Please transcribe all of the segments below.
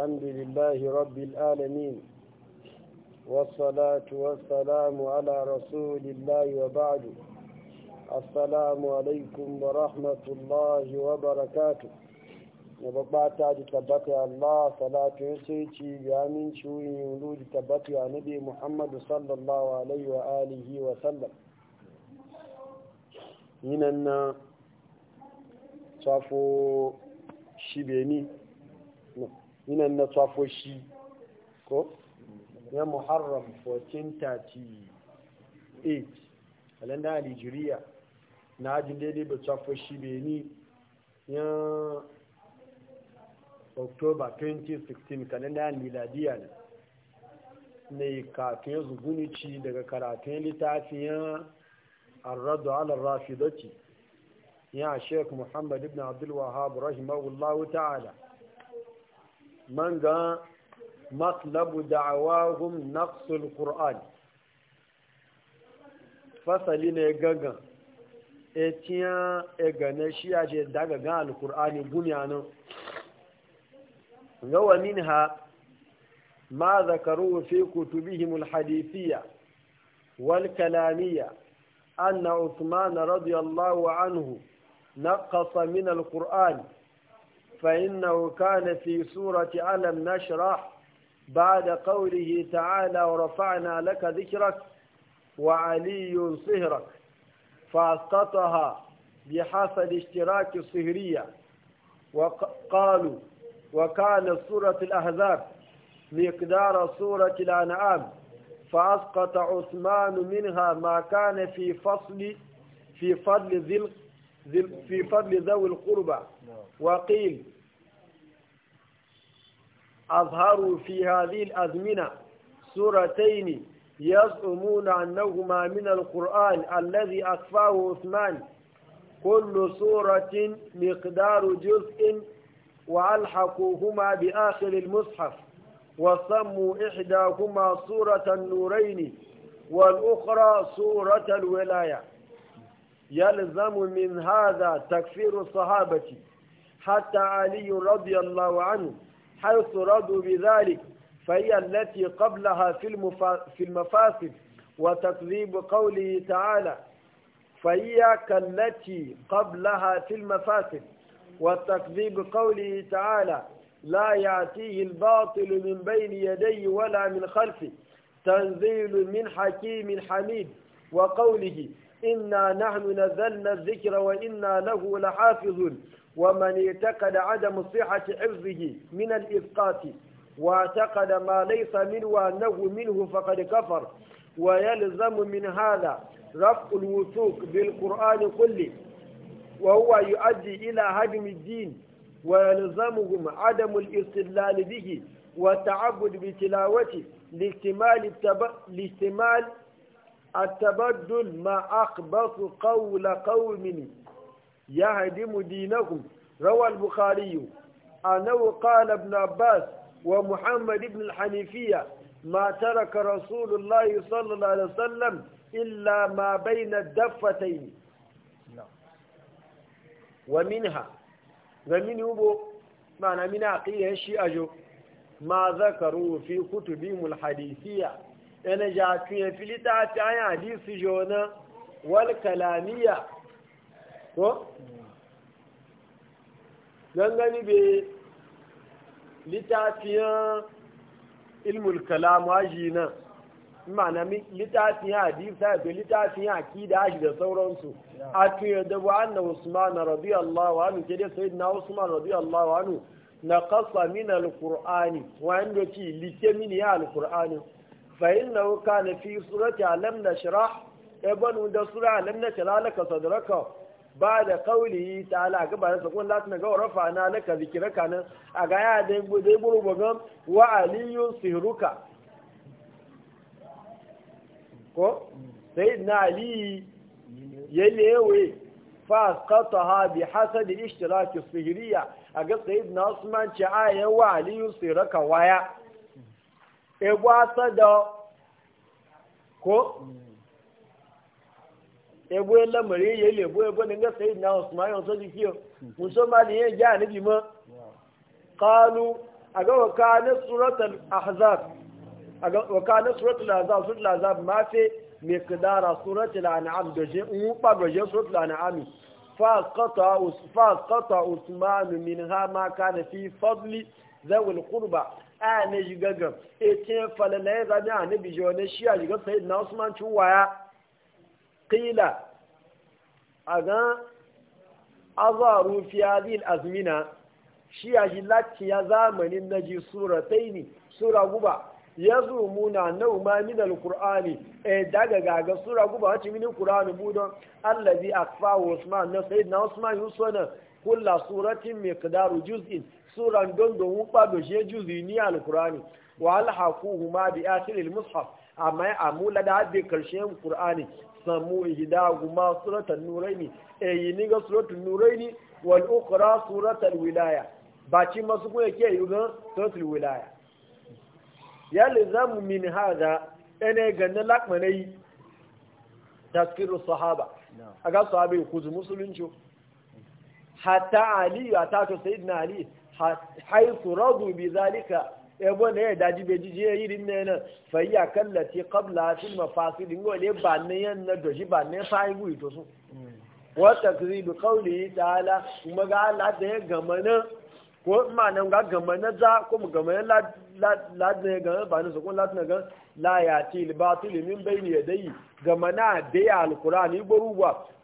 الحمد لله رب العالمين والصلاة والسلام على رسول الله وبعد السلام عليكم ورحمة الله وبركاته وبعد تبقى الله صلاة وسيتي بأمين شوي ولود تبقى نبي محمد صلى الله عليه وآله وسلم هنا صفو شبيني ina na tsafo shi ko ya muharram 1438 alanda alijiriya na ajin daidai ba tsafo shi beni ya october 2016 da miladiya ne ne kafin zugunici daga karatun littafiyan arradu alar rafidoti ya sheik muhammad ibn abdulwahab rahimahullahu ta'ala Manga matlabu da'awahum naqsul qur'an fasali ne gaga e tiya e gane shi a je daga ga alqur'ani bunyanin ga minha ma zakaru fi kutubihim alhadithiyya wal kalamiyya anna uthman radiyallahu anhu نقص min القرآن فإنه كان في سورة ألم نشرح بعد قوله تعالى ورفعنا لك ذكرك وعلي صهرك فأسقطها بحسب اشتراك الصهرية وقالوا وكانت سورة الأحزاب مقدار سورة الأنعام فأسقط عثمان منها ما كان في فصل في فضل ذي في فضل ذوي القربى وقيل أظهروا في هذه الأزمنة سورتين يزعمون أنهما من القرآن الذي أخفاه عثمان كل سورة مقدار جزء وألحقوهما بآخر المصحف وسموا إحداهما سورة النورين والأخرى سورة الولاية يلزم من هذا تكفير الصحابة حتى علي رضي الله عنه حيث رضوا بذلك فهي التي قبلها في المفا... في المفاسد وتكذيب قوله تعالى فهي كالتي قبلها في المفاسد وتكذيب قوله تعالى لا يأتيه الباطل من بين يديه ولا من خلفه تنزيل من حكيم حميد وقوله إنا نحن نزلنا الذكر وإنا له لحافظون ومن اعتقد عدم صحة حفظه من الإسقاط واعتقد ما ليس منه وأنه منه فقد كفر ويلزم من هذا رفع الوثوق بالقرآن كله وهو يؤدي إلى هدم الدين ويلزمهم عدم الاستدلال به والتعبد بتلاوته لاكتمال, التب... لاكتمال التبدل ما أخبط قول قوم يهدم دينهم روى البخاري أنه قال ابن عباس ومحمد بن الحنيفية ما ترك رسول الله صلى الله عليه وسلم إلا ما بين الدفتين ومنها ومن يبو معنى من عقية الشيء أجو ما ذكروا في كتبهم الحديثية yana ja tuye filita ta hanyar hadisi jona wal kalamiya ko gangani be litafiyan ilmul kalam waji nan ma'ana litafiyan hadisa da litafiyan akida shi da sauransu a tuye da bu anna usman radiyallahu anhu ke dai sayyidina usman radiyallahu anhu na qasa min al-qur'ani wa inda ci like min ya alqur'ani fa'in na wuka na fi surati alam na shira ebon da sura alam na shira laka sadraka ba da kauli ta'ala ga ba sa kun latin ga rafa na laka zikiraka nan a ga ya da dai gurbugan wa aliyun sihruka ko sai na ali yelewe fa qataha bi hasad ishtiraki sihriya a ga sayyidina usman ci ayawa aliyun sihruka waya egwa sada ko egwu lamari ya ile egwu egwu ne ga sayi na usman yanzu jiki muso ma ne ya ja ni bi ma qalu aga wa kana suratul ahzab aga wa kana suratul ahzab suratul ahzab ma fi mai surat al an'am da je in pa da surat al an'am fa qata usfa qata usman ma kana fi fadli zawil qurba Aya ne shiga ga e ce falala na zabi a nabi shi wani shi a shiga sai na usman cin waya kila a gan azaru fi hadhihi azmina shi a shi lati ya zamanin naji surataini sura guba ya na nau ma min alqur'ani e daga gaga sura guba wacce min qur'ani budon allazi akfa usman na na usman yusana kulla suratin kadaru juz'in suran don domin wupa shi juz'i ni alkurani wa huma bi akhir mushaf amma amula da karshe karshen kur'ani samu guma suratan nuraini e ni ga suratul nuraini wal ukhra suratul wilaya ci masu kuma yake yi ga suratul wilaya ya lizamu min hada ene ganna lakmanai tafsirus sahaba aga sahabe ku musulunci hatta ali ya ta to sayyidina ali haythu radu bi zalika ebo ne da ji beji je yiri ne na fa ya kallati qabla fil mafasid ngo le ba ne yan na doji ba ne fa ngu ito su hmm. wa takzibu qawli ta'ala kuma ga Allah da ya gamana ko ma nan ga gama na za ko mu gama na ladin ya gama ba na ko ladin ga la ya ti libatul min ya dai gama na da ya alqur'ani ba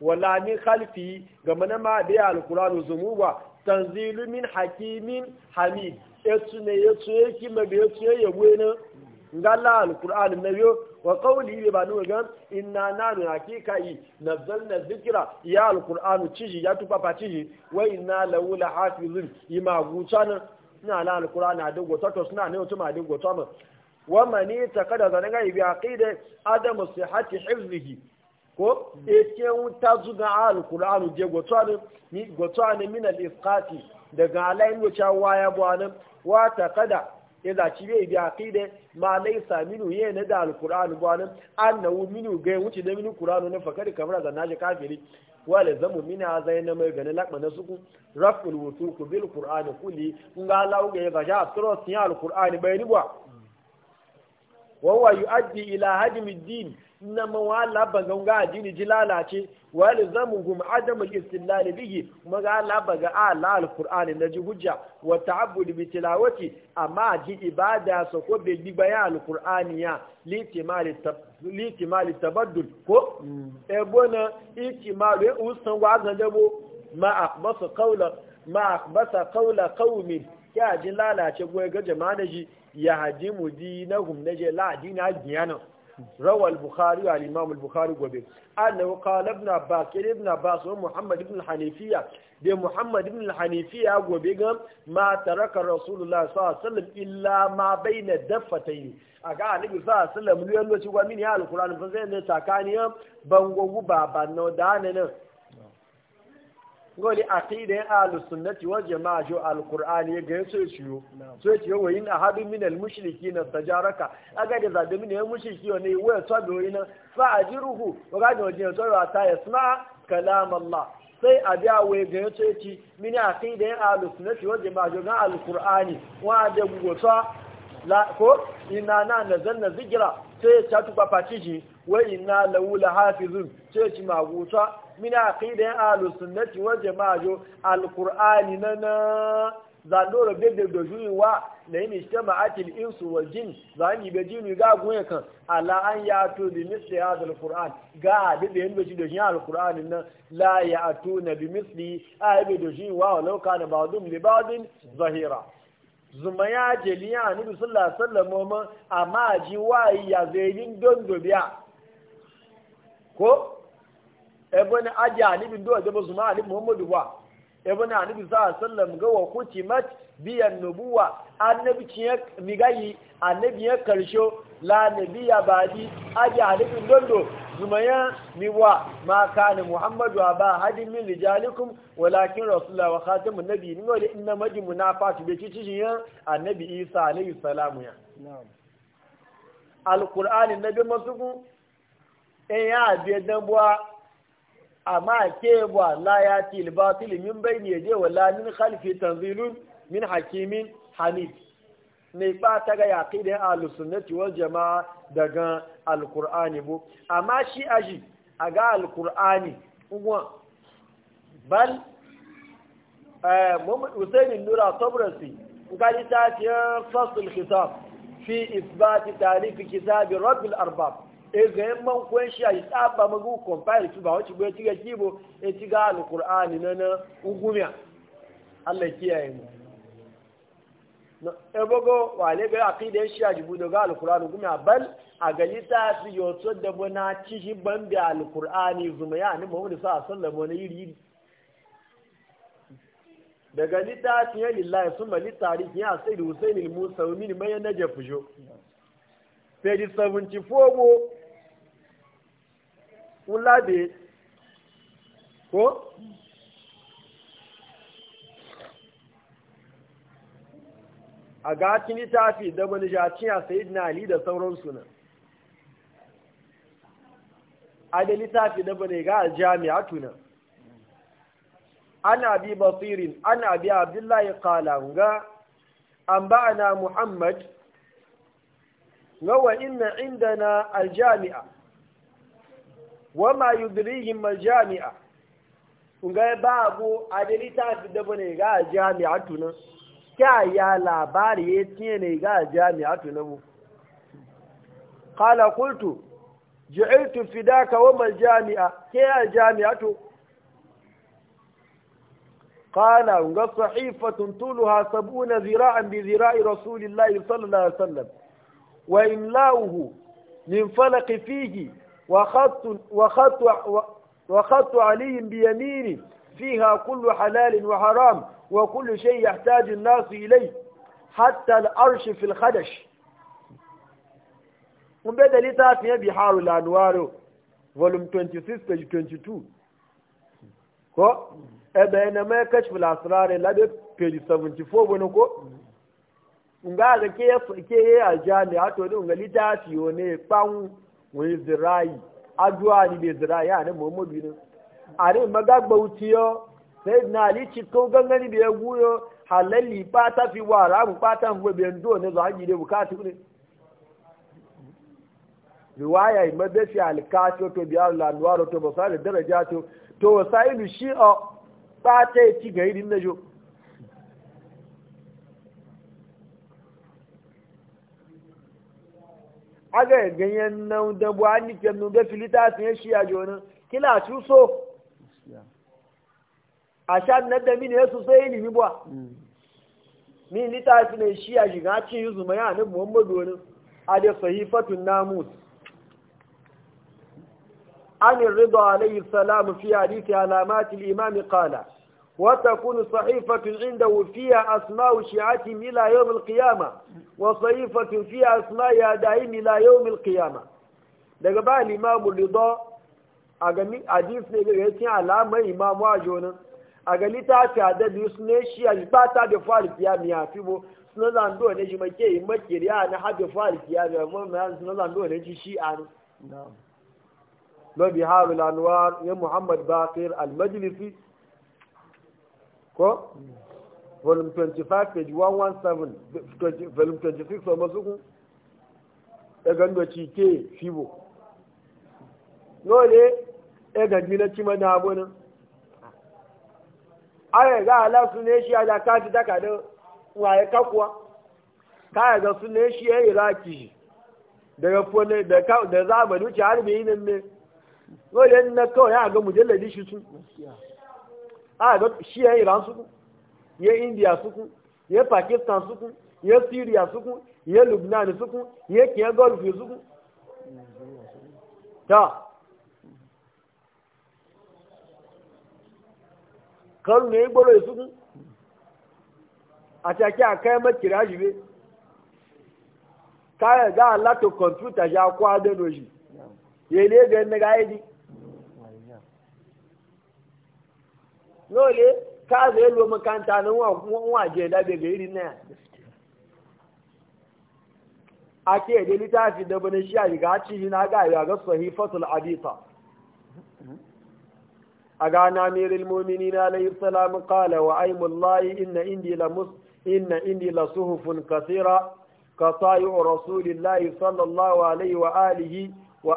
wala ni khalfi gama na ma da ya zumu ba tanzilu min hakimin hamid etu ne yasu yake mabe etu ya yabo na ngalla alquran na biyo wa qawli bi banu gan inna nanu hakika yi nazzalna dhikra ya alquran ciji ya tu papa ciji wa inna lahu la hafizun ima gucana na la alquran a dogo to suna ne to ma dogo to ma wa mani zan ga bi aqida adam sihhati hifzihi ko eke wuta zuga alquran je gotani ni gotani min alisqati daga alayin wuce waya bu anan wa kada ya zaci bai bi aqide ma laysa minu ye na da alquran gwanin annahu minu ga wuce da minu qur'anu na fakari kamar da naji kafiri wala zamu mina zaina mai gani lakma na suku raful wusuku bil qur'an kulli nga lawo ga ba ja tro sin alquran bai ni ba wa huwa yuaddi ila hadmi ad na mawala bagan ga addini ji lalace wa lizamu gum adam al bihi kuma ga la baga ala alkur'ani na ji hujja wa ta'abbud bi tilawati amma ji ibada so ko be bi bayan al ya ya litimali li tabaddul ko mm. e bona itimali usan wa ga ma aqbasa qawla ma aqbasa qawla qaumin ya ji lalace goye ga jama'a ji ya haji mu na na la adina giyana روى البخاري عن الإمام البخاري وبه أنه قال ابن عباس كان ابن عباس ومحمد بن الحنيفية محمد بن الحنيفية وبه ما ترك رسول الله صلى الله عليه وسلم إلا ما بين دفتين aga annabi sa sallam ne yanzu ci gwamini ya alkurani fa sai ne tsakaniya bangogu babanno da nan gole aqidan ahlus sunnati wal jamaa jo alqur'ani ga so ciyo so ciyo wa in ahadu min al mushrikin tajaraka aga da zabe min ya mushriki wa ne wa e so do ina fa ajruhu wa ga do jin so wa ta yasma kalam allah sai a biya wa e ga so ci min aqidan ahlus sunnati wal jamaa jo ga alqur'ani wa da go so la ko inna na nazalna zikra sai ta tuba fatiji wa inna lahu hafizun ce ci maguta mina aqidan ahlus sunnati wal jamaa jo alqur'ani nana zandoro bebe da juyi wa da yin ishtama atil insu wal jin zani be jinu ga gunya kan ala an ya to bi misli hadha alquran ga be be ji da jin alquran na la ya atuna bi misli ay be da wa law kana ba'dum li ba'din zahira zuma ya jeliya a nufi sallah sallama ma a ma'aji wayi ya zayin don dobiya ko ebe na aji a nufi ndo ajaba zuma a nufi muhammadu ba ebe a nufi sa sallam ga wa kuci mat biyan nubuwa annabi ciye migayi annabi ya karsho la nabiya badi aji a nufin dondo zumaya miwa ma kana muhammadu aba hadin min rijalikum walakin rasulullah wa khatamun nabi ni wala inna maji munafatu be ci cin ya annabi isa alayhi salamu ya alquran nabi masuku e ya biye dan bua amma ke bua la ya til batil min bayni yaje wala min khalfi tanzilun min hakimin hamid mai ta ga yaƙi da alusunnati wal jama'a daga alkur'ani bu amma shi aji a ga alkur'ani uwa bal eh, muhammad usainin nura ka gani ta fiye fasul kitab fi isbati tarifi kitabi rabbil arbab ezayen man kwen shi a yi tsaba magu kwamfayar su ba wacce bai ci ga kibo e ci ga alkur'ani na na ugumiya allah kiyaye mu ebogo wale ga aqida shi a jibu daga alqur'ani kuma bal a gali ta su yoto da bona ci shi ban da alqur'ani zuma ya ni muhammadu sallallahu alaihi wasallam wani yiri yiri daga litafi ya lillahi sun li tarihi ya sai da husaini musa min mai na jafujo page 74 go ulade ko a gacin littafi da bani jacin a sayid na ali da sauran suna a da littafi da bani ga aljami'a tuna ana bi basirin ana bi abdullahi kalan ga an ba'ana muhammad gawa inna indana aljami'a wama yudrihim jami'a. kun ga babu a da littafi da wani ga aljami'a tuna. kya ya labari ya tiye ne ga jami'a tunamu kala kultu ji'iltu fidaka wa mal jami'a ke ya jami'a to kala ga sahifatun tuluha sab'una zira'an bi zira'i rasulillahi sallallahu alaihi wasallam wa imla'uhu min falaqi fihi wa khattu wa khattu wa khattu alayhim فيها كل حلال وحرام وكل شيء يحتاج الناس إليه حتى الأرش في الخدش mun bai da littafin ya volume 26 page 22 ko ebe na mai kashfi lasirare labe page 74 wani ko nga ga ke ya ke ya ajani ato ni nga littafi yo ne wani zirayi aduwa ni be ne muhammadu ne are magagba wuciyo sai na ali cikko gangani biya guyo halalli pata fi wa ramu fata mu biyan do ne zuwa gide bukatu ne riwaya madafi alkato to biya lanuwaro to basali daraja to to wasailu shi'a fata yi ci gairi na jo aga ganyen nan da buwa nike nun da filita sun yi shi'a jonin kila su so Mm. a sha mí ni èso sẹ́yìn ní min mí níta sí ní ṣí àṣìgá tí yìí zùmọ̀ yà ní muhammadu wani a sọ̀yí fatun namus عن الرضا عليه السلام في حديث علامات الإمام قال وتكون صحيفة عنده فيها أسماء شيعتهم إلى يوم daga ba limamu lido a gami ne ga yacin alamar imamu a a ga littafi a da biyu shi a ba ta da fari fiya mai a fi bo na zando ne shi make yi make riya na haɗe fari kiya mi a su suna zando ne shi shi a no lobi haru lanuwa ya muhammad bakir al-majlisi ko volume 25 page 117 volume 26 wa masu ya gando ci ke fibo nole ya gandu na cima na abunan aya ga ala sunne shi ala ka ji daga da waye kakuwa kaya ga sunne shi ya iraki daga fone da ka da ba duci har bai nan ne dole na kawai ya ga mujalladi shi su a ga shi ya iran su ya india su ya pakistan su ya syria su ya lubnan su ya kiyan gulf su ta karu na ịgboro esu ndu atike a ka ya mechiri ahi mbe ka ndị a laatụ kọmputa ya akwọ aga n'ozi ga elee ga ndị ga edi n'oge kaadị elu ọmụka nta n'ụwa agiyada daga iri na ya a ka ndị elu gaa ahịrị dabanye ahịrị ga ha chi nri na aga ahịrị aga sọrọ ihe fosụl أقعن أمير المؤمنين عليه السلام قال وعيم الله إن إني, لمس إن إني لصهف كثيرة قصائع رسول الله صلى الله عليه وآله و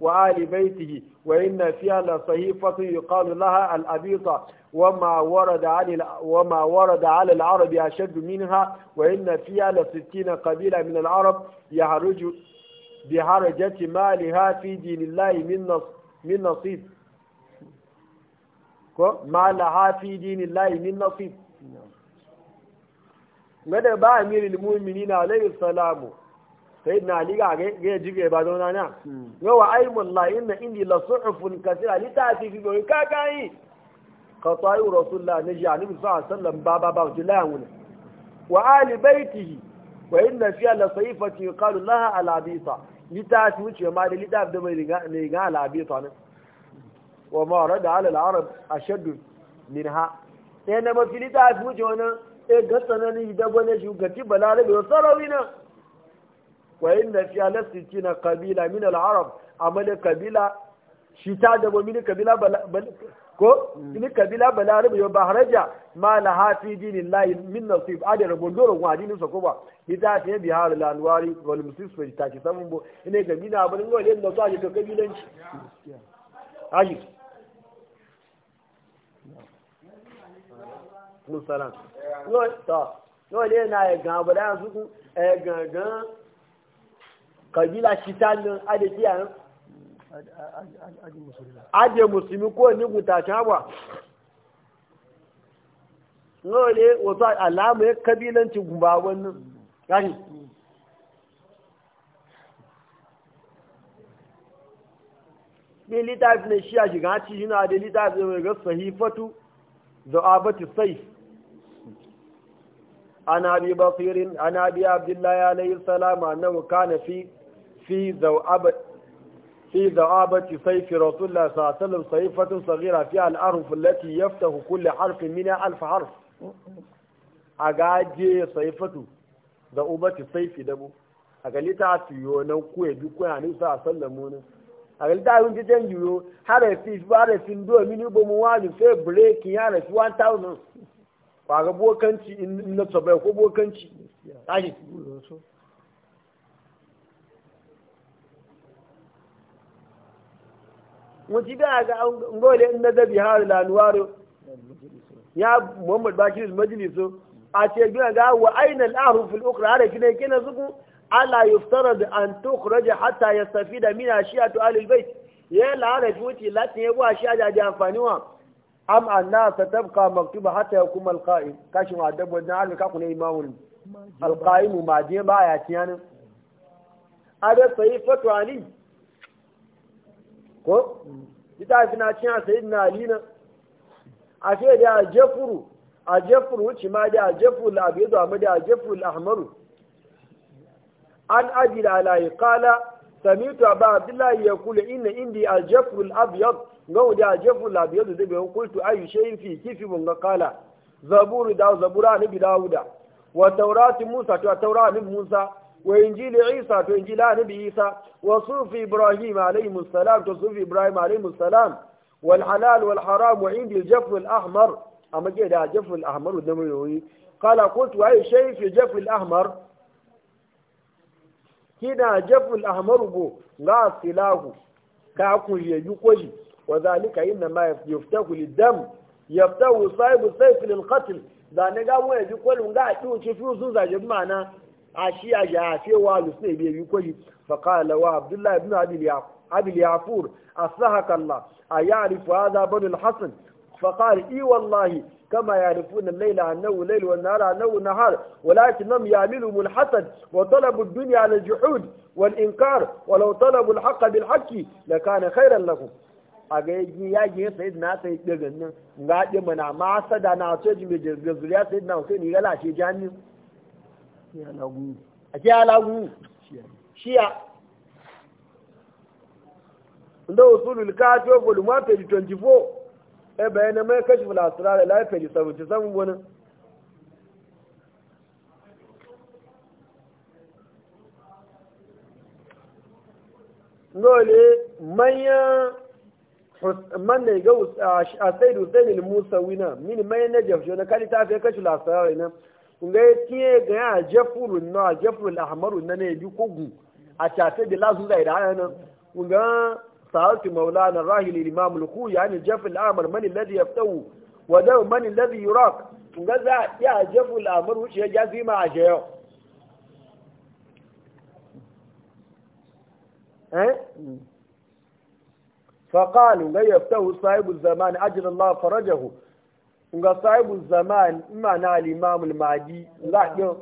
وآل بيته وإن فيها لصهيفة يقال لها الأبيطة وما ورد عن وما ورد على العرب أشد منها وإن فيها لستين قبيلة من العرب يهرج بحرجة مالها في دين الله من نص من نصيب ko ma la hafi dini lai min nasib mede ba mini mu'minina alayhi salamu sai na ali ga ga jige ba zauna na yawa ai In inna indi la suhufun kathira li ta'ti fi goyi kakai qata'i rasulullah naji annabi sallallahu alaihi wasallam ba ba ba jila wuna wa ali baitihi wa inna fiha la sayfati yuqalu laha al-abisa li ta'ti wuce ma da li da bai riga ne ga al-abisa ne وما رد على العرب أشد منها هنا ما في لتا اسمو جونا اي غسنا ني دبنا شو غتي بلال بيصروينا وإن في ألسكين قبيلة من العرب عمل قبيلة شتا دبو من قبيلة بل... بل... كو من قبيلة بلال بيبهرجا ما لها في دين الله من نصيب عدر بندور وعدين سكوبا هتاك يبي هار الانواري والمسيس فجتاك سمبو إنه قبيلة بلنغو لين نصاجة قبيلة عجيب musalan yóò tọ̀ yóò na ẹ̀gàn àbọ̀dá yàn sókún ẹ̀gàn gan kàbílà ṣìtá ní adètí à ń adè mùsùlùmí kó nígun tàṣà wà yóò lé wòtọ́ àlàmù kabilanci gùnbà wannan yáni ni littafi ne shi a shiga ci yana da littafi mai ga sahifatu da saif an abi basirin an abi abdullahi alayhi salama annahu kana fi fi zawab fi zawab tsayf rasulullah sallallahu alaihi wasallam saghira fi al-arf allati yaftahu kull harf min alf harf agaje sayfatu da ubati sayfi dabu agalita atiyo nan kuwe bi kuwe ani sallallahu agalita yun ti jenju yo hare fi bare sin do minu bo mu wali fe break yare 1000 ba ga bokanci in na tsabai ko bokanci tashi wani da ga ngole in na zabi har lanuwaro ya muhammad bakir majalisu a cikin gina ga wa aina al'arufin ukra har kina kina zuku ala da an tukhraja hatta yastafida shi ashiyatu ahli albayt ya la harafi wuce latin ya shi a da amfani wa am anna satabqa maktuba hatta yakuma alqa'im kashin adabu dan Allah ka kunai imamul alqa'im ma je ba ya tiyan ada sai fatu ali ko ita fina cin sayyidina ali na a ce da jafuru a ci ma da jafuru al zuwa amma da jafuru alahmaru ahmaru an ajira alai qala samitu abu abdullahi yaqulu inna indi al-jafuru ngau da jefu labiyo da zabe kultu ayu shay'in fi kifi mun qala zaburu da zabura ni bi dauda wa taurati musa to taurati musa wa injili isa to injili nabi isa wa sufi ibrahim alayhi salam to sufi ibrahim alayhi salam wal halal wal haram wa indi al al ahmar amma ke da jafu al ahmar da mai yoyi Kala kuntu ayu shay'in fi jafu al ahmar kina jafu al ahmar go ga silahu ka ku yayi koji وذلك إنما يفتك للدم يفتك صاحب السيف للقتل ذاني قاموا يجي كل ونقع توشي فيه سوزا جبمانا عشي عشي عشي فقال له عبد الله بن عبد اليعفور أصلحك الله أيعرف هذا بن الحسن فقال إي والله كما يعرفون الليل عنه ليل والنهار عنه نهار ولكنهم يعملوا ملحسن وطلبوا الدنيا على الجحود والإنكار ولو طلبوا الحق بالحق لكان خيرا لكم a ga yi ya yi sai na sai ɗirin nan ga ɗi mana ma sada na so ji mai jirgin zuriya sai na sai ni gala shi jami'u a ke alagu shiya inda usulul kafiyo volume page 24 e na mai kashi filasura da lafi page 77 wani Nole manyan man ne ga a sai da sai ne musa wina min mai na jefu na kali ta fiye kashi lasarar ina kun ga tiye ga ya runa a jafuru ahmaru na ne bi kogu a tafe da lasu zai da haya nan kun ga sa'atu maulana rahil imam al-khu yani jaful amr man alladhi yaftahu wa daw mani alladhi yuraq kun ga za iya jefu amr wuce ya jazi ma a jayo eh faƙalu ga yaftahu sahibu zaman ajin Allah farajahu ga sahibu zaman ima na alimamul mahdi laɗin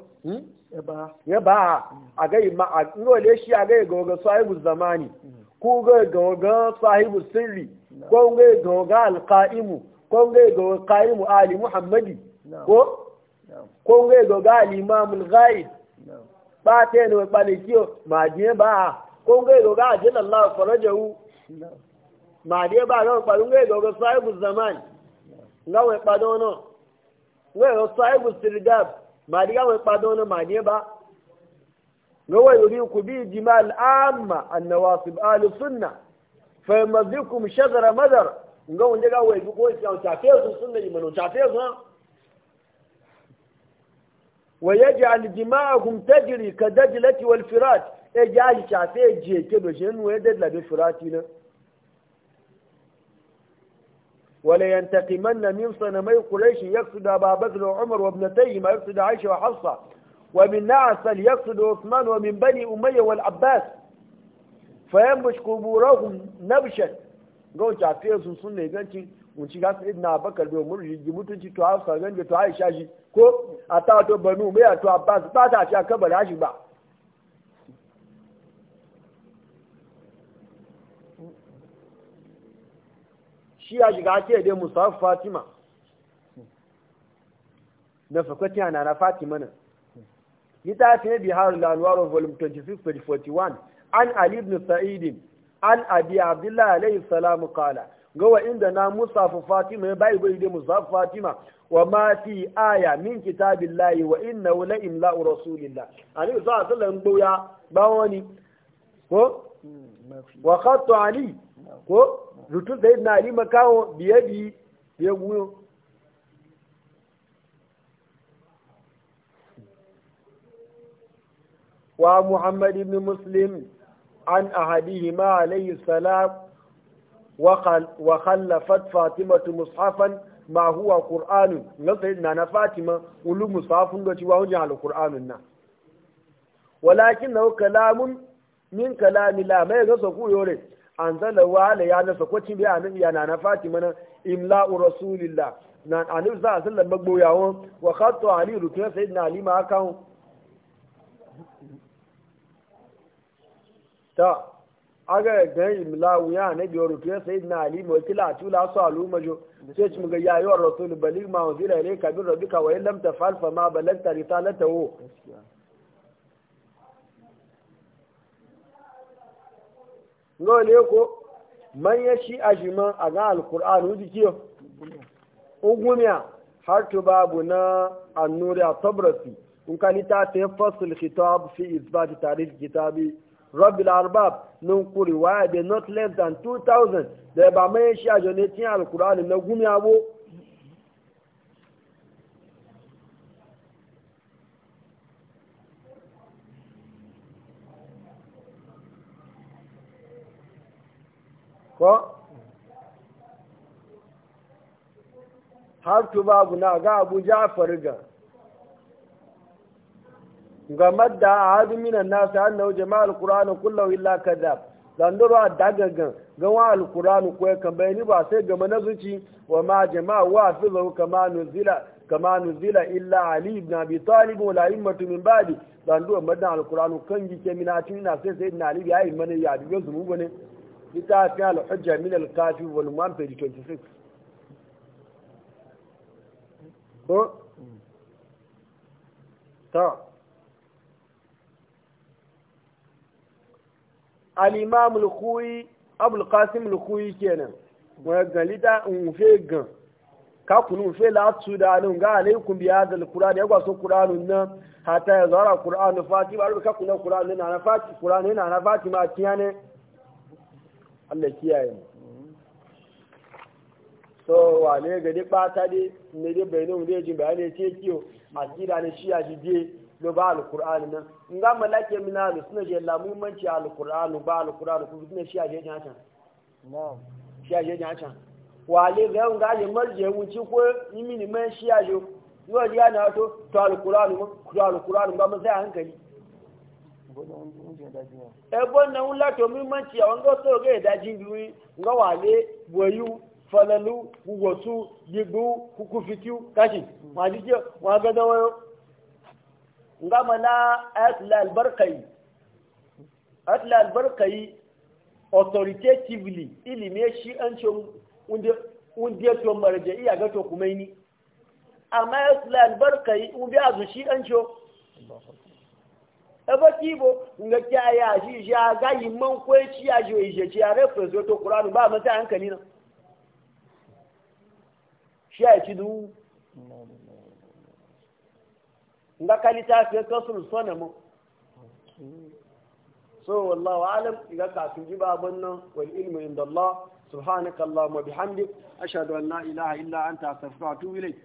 ya ba ma gai ma'aƙin shi a gai ga sahibu zamani ko ga ga sahibu sirri ko ga ga alƙa'imu ko ga ga ƙa'imu ali muhammadi ko ko ga ga alimamul ghaib ba ta yana wa ɓalikiyo mahdi ya ba ko ga ga ajin Allah farajahu ba dai ba ga kwaru ngai ga sahibu zaman wai padono ngai ga sahibu sirdab ma dai ga padono ma dai ba wai yuri ku bi jimal amma annawasib ahli sunna fa yamzikum shajara madar ngawai daga wai ko ta tafe su sunna imanu tafe su ويجعل دماءهم تجري كدجلة والفرات اجاج شافيه جيكي دوشين ويدد لبي فراتينا ولا ينتقمن من صنمي قريش يقصد أبا بكر وعمر وابنتيهما يقصد عائشة وحفصة ومن نعسل يقصد عثمان ومن بني أمية والعباس فينبش قبورهم نبشا قوة عفية سنة يقنتي wunci ga su idina bakar bai umar ji mutunci to hafsa ganje to aisha shi ko a ta to banu mai a to abbas ba ta ci a kabar hashi ba shi ya shiga ake dai musafi fatima na fakwati fatima na fatima nan littafin bihar lalwarar volume 26 41 an ali ibn sa'idin an abi abdullahi alayhi salamu kala gawa inda na musafi fatima ya bai gwai dai musafi fatima wa ma fi aya min layi wa innahu la imla'u rasulillah ani sa sallan boya ba wani ko hmm, wa khattu ali ko rutu sai na ali makawo biye biye ya guyo wa muhammad ibn muslim an ahadihima alayhi salam wa khallafat fatimatu mushafan ma huwa qur'anun na sayyidina na fatima ulu musafun da cewa hujja alqur'anun na walakin na kalamun min kalami la mai ga sako yore anzala wa ala ya nasa ko cin biya nan ya na fatima mana, imla'u rasulillah na annabi za a sallan yawon wa khattu ali rukun sayyidina ali ma akan ta aga ga imla'u ya annabi wa rukun sayyidina ali ma kila tula su alu majo sai ci muga yayi wa rasul balig ma unzila ne bi rabbika wa illam tafal fa ma balagta risalatahu lole ko man ya shi a jiman a ga alkur'an wuji kiyo ugumiya har tu babu na annuri a tabrasi in ka ta ta yi fasul khitab fi isbati tarihi kitabi rabbil arbab nun ku riwaya be not less than 2000 da ba man shi a jone tin alkur'an na gumiya bo ko har babu na ga abu ja'far ga ga madda ahadu minan nasu annahu al qur'an kullu illa kadhab zanduru dagagan ga wa alqur'an ko kan bayani ba sai ga zuci wa ma jama'a wa fizu kama nuzila kama nuzila illa ali ibn abi talib wa la immatu min ba'di zanduru madda alqur'an kan gike cikin na sai sai na ali ya yi mana ya bi zumu ne. littafin alhujja min alkafi wal man page 26 ko ta al-imam al-khuyi abu al-qasim al-khuyi kenan wa galita un fe gan ka kunu fe la su da nan ga alaikum bi hadha al-qur'an ya gwaso qur'anun nan hatta ya zara qur'an fati ba ka kunu qur'an nan na fati qur'an nan fati ma tiyane Allah kiyaye mu so wane gari bata dai ne dai bayanin dai jin bayani ce kiyo akida ne shi ya jide lo ba alqur'ani nan in ga malake mina ne suna je lamu manci alqur'ani ba alqur'ani ku ne shi ya je jan can na'am shi ya je jan can wale ga un ga ne marje mu ci ko ni mini man shi ya jo yo ya na to to alqur'ani mu to alqur'ani ba mu sai hankali ẹgbọ́ náà ń látọ̀ mímọ́ tí àwọn ń gọ́sọ̀ ọ̀gá ìdájí ìlúwí ń gọ́ wà lé wẹ̀yú fọlẹ́lú wùwọ̀tú gbígbó kúkú fitiu káṣí wọn àdíjẹ́ wọn agẹ́dẹ́ wọn. ń nga mọ́ náà ẹ̀tùlẹ̀ authoritatively ilimi shi an kuma ni amma an ebe kibo nga kyaya shi shi a gayi man kwai ci a shi ishe ci a reference wato kuranu ba mata hankali na shi a ci duhu nga kalita fi sun sana mu so wallahu alam iga kafin ji babun nan wal ilmu inda Allah subhanakallahumma bihamdik ashhadu an la ilaha illa anta astaghfiruka wa atubu ilayk